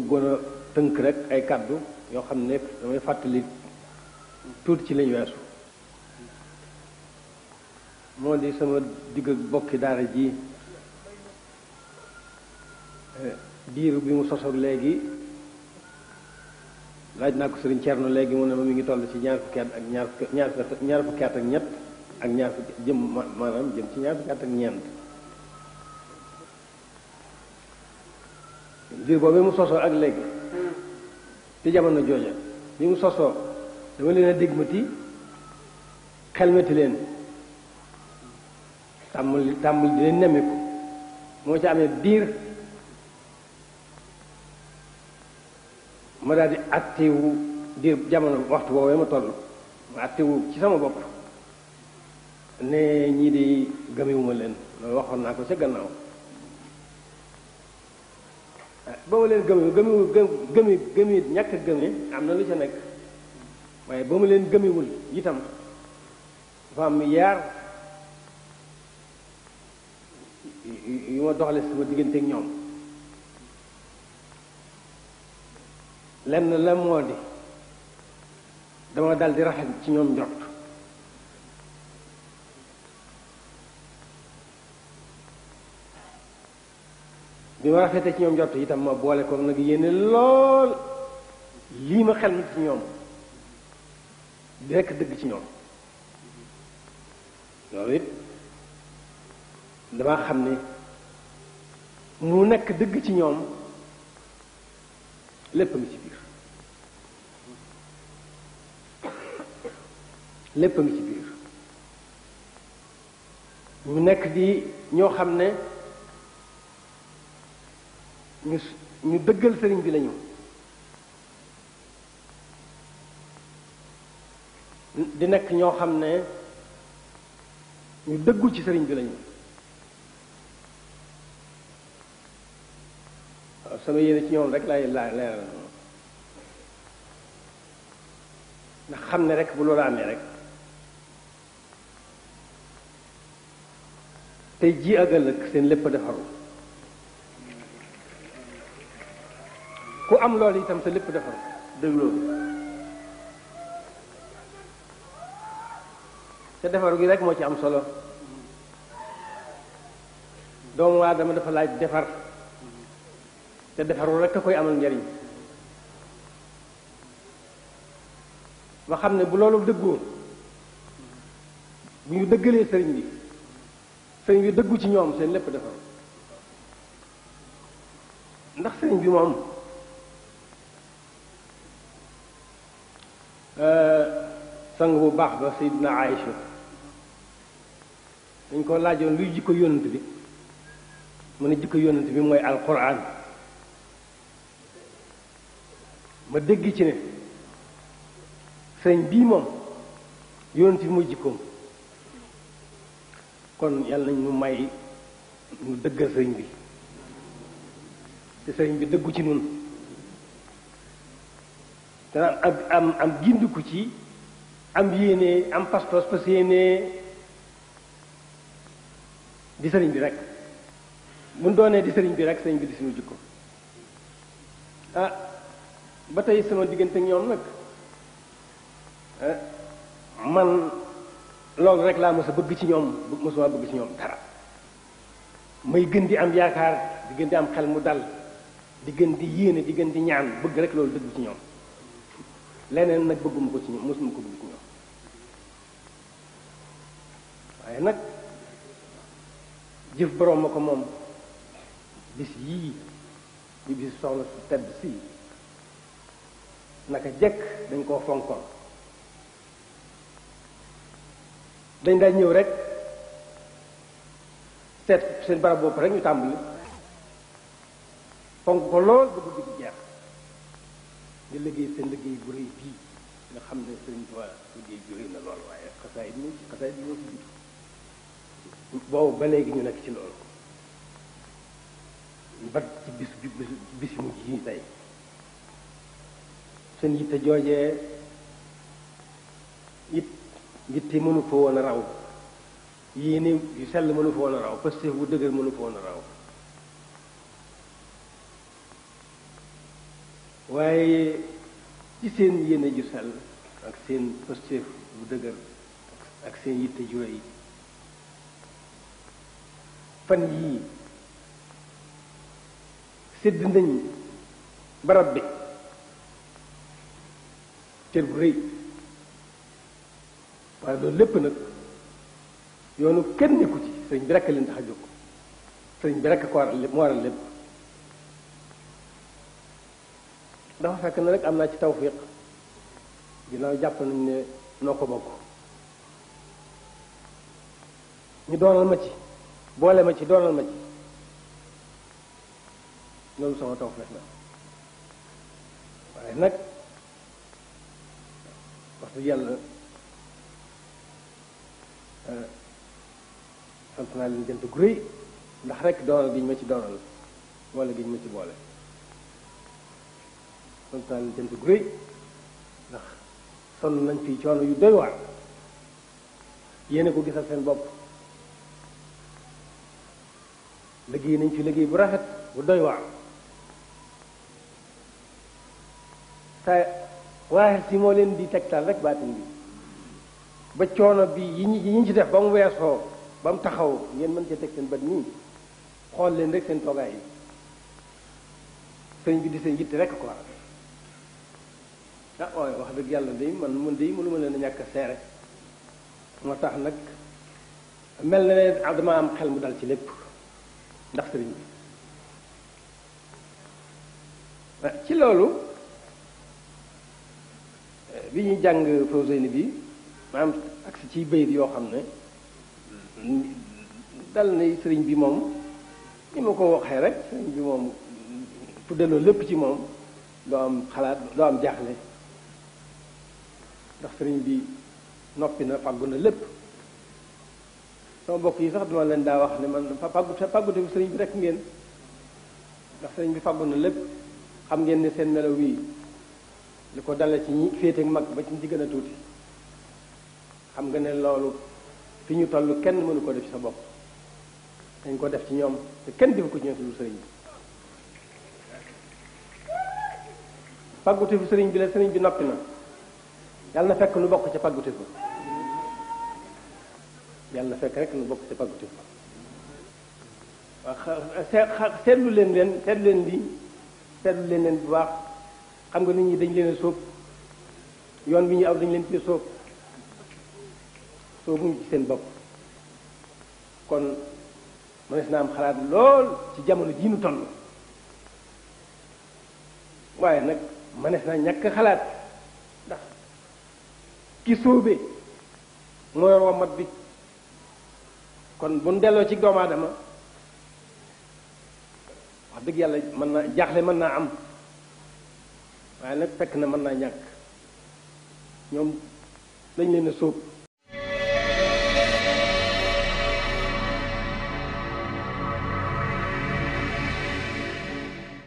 bëggoon tënk rek ay kàddu yoo xam ne damay fàttali tuuti ci lañ weesu moo di sama digg ak bokki daara ji eh, diir bi mu sosoog léegi laaj naa ko sëriñ Thierno léegi moo ne ma mi ngi toll ci ñaar fukki at ak ñaar ñaar ñaar fukki at ak ñett ak ñaar fukki jëm maanaam jëm ci ñaar fukki at ak ñeent diir boobu mu sosoo ak léegi ci jamono jooja bi mu sosoo dama leen a digmati xelmati leen tàmmul tàmmul di leen nemmiku moo ci amee diir ma daal di diir jamono waxtu woowee ma toll ma attiwu ci sama bopp ne ñii di gëmewuma leen loolu waxoon naa ko ca gannaaw ba ma leen gëmee gëmee gëmee gëmee ñàkk a gëmee am na lu ca nekk waaye ba ma leen gëmewul itam dafa am yaar yu ma doxale sama diggante ak ñoom lenn la moo di dama dal di rafet ci ñoom njort bi ma rafetee ci ñoom njort itam ma boole ko nag yéene lool lii ma xel ci ñoom di rekk dëgg ci ñoom dama xam ne mu nekk dëgg ci ñoom lépp ngi ci biir lépp ngi ci biir mu nekk di ñoo xam ne ñu ñu dëggal sëriñ bi lañu di nekk ñoo xam ne ñu dëggu ci sëriñ bi lañu sama yéene ci ñoom rek laay laa leeral ndax xam ne rek bu loolu amee rek tey jii ak ëllëg seen lépp a defaru ku am loolu itam sa lépp defar dëgg loolu te defaru gi rek moo ci am solo doomu aadama dafa laaj defar te defaru rek a koy amal njariñ ba xam ne bu loolu dëggoo bu ñu dëggalee sëriñ bi sëriñ bi dëggu ci ñoom seen lépp defar ndax sëriñ bi moom Euh, sang bu baax ba Seydina Aïcha dañ koo laajoon luy jikko yonent bi mu ne jikko yonent bi mooy alquran ma dégg ci ne sëñ bii moom yonent bi mooy jikkoom kon yàlla nañ mu may mu dëggal sëñ bi te sëñ bi dëggu ci nun dana am am gindiku ci am yéene am pas-pas parce que di sëriñ bi rek mun doonee di sëriñ bi rek sëriñ bi di suñu ko ah ba tey sama diggante ñoom nag ah, man loolu rek laa mos a bëgg ci ñoom mosuma bëgg ci ñoom dara may gën di am yaakaar di gën am xel mu dal di gën di yéene di di ñaan bëgg rek loolu dëgg ci ñoom leneen nag bëgguma ko ci ñoom mosuma ko bëgg ci ñoom waaye nag jëf borom ma ko moom bis yii di bis soxla su tedd si naka jëkk dañ koo fonkoon dañ daa ñëw rek seet seen barab bopp rek ñu tàmbali fonk ko lool ba guddi jeex di liggéey seen liggéey bu rëy bii nga xam ne sëriñ Tuubaa liggéey bu rëy na lool waaye xasaay bi xasaay bi boobu ba léegi ñu nekk ci loolu bat ci bis bi bis mu ji tey seen yitte joojee it yitte mënu fa woon a raw yéene yu sell mënu fa woon raw parce que bu dëgër mënu fa woon a raw waaye ci seen yéene ju sell ak seen pësteef bu dëgër ak seen yitte ju fan yii sedd nañ barab bi cër bu rëy waaye loolu lépp nag yoonu kenn nekku ci sëriñ bi rekk leen tax a jóg sëriñ bi rekk ko waral dafa fekk na rek am naa ci tawfiq ginnaaw jàpp nañ ne noo ko bokk ñu doonal ma ci boole ma ci doonal ma ci loolu sama tawfiq la waaye nag wax dëgg yàlla euh, sant naa leen jant gu ndax rekk doonal gi ma ci doonal boole gi ma ci boole santaan la cant gu rëy ndax sonn nañ fii coono yu doy waar yéene ko gisal seen bopp liggéey nañ fi liggéey bu rafet bu doy waar te waaye moo leen di tegtal rek baatin bi ba coono bi yi ñu yi ñu ci def ba mu weesoo ba mu taxaw ngeen mën cee teg seen bët nii xool leen rek seen toogaay yi sëriñ bi di seen yitte rek ko waral ah ooy wax dëgg yàlla day man mun day mënuma leen a ñàkk a seere moo tax nag mel na ne ah dama am xel mu dal ci lépp ndax sëriñ bi ah, ci loolu eh, bi ñuy jàng Fawzeyni bi maanaam agsi ci bayit yoo xam ne dal na sëriñ bi moom ni ma ko waxee rek sëriñ bi moom fu lépp ci moom doo am xalaat doo am jaaxle ndax sëriñ bi noppi na fàggu na lépp sama mbokk yi sax dama leen daa wax ne man fàggu fàggute sëriñ bi rek ngeen ndax sëriñ bi fàggu lépp xam ngeen ne seen melo wii li ko dale ci ñi mag ba ci ñi tuuti xam nga ne loolu fi ñu toll kenn mënu ko def sa bopp dañ ko def ci ñoom kenn defu ko ci ñoom lu sëriñ bi fu sëriñ bi la sëriñ bi noppi na yàlla na fekk nu bokk ca paggutif ba yàlla na fekk rek nu bokk ca paggutif ba waaw seetlu leen leen seetlu leen lii seetlu leen leen bu baax xam nga nit ñi dañ leen a sóob yoon wi ñu aw dañ leen ci sóob sóobuñu ci seen bopp kon mënees na am xalaat lool ci jamono jii nu toll waaye nag mënees na ñàkk xalaat ndax ki sóobe moo yor wommat bi kon bu nu delloo ci doomu aadama wax dëgg yàlla mën naa jaaxle mën naa am waaye nag fekk na mën naa ñàkk ñoom dañ leen a sóob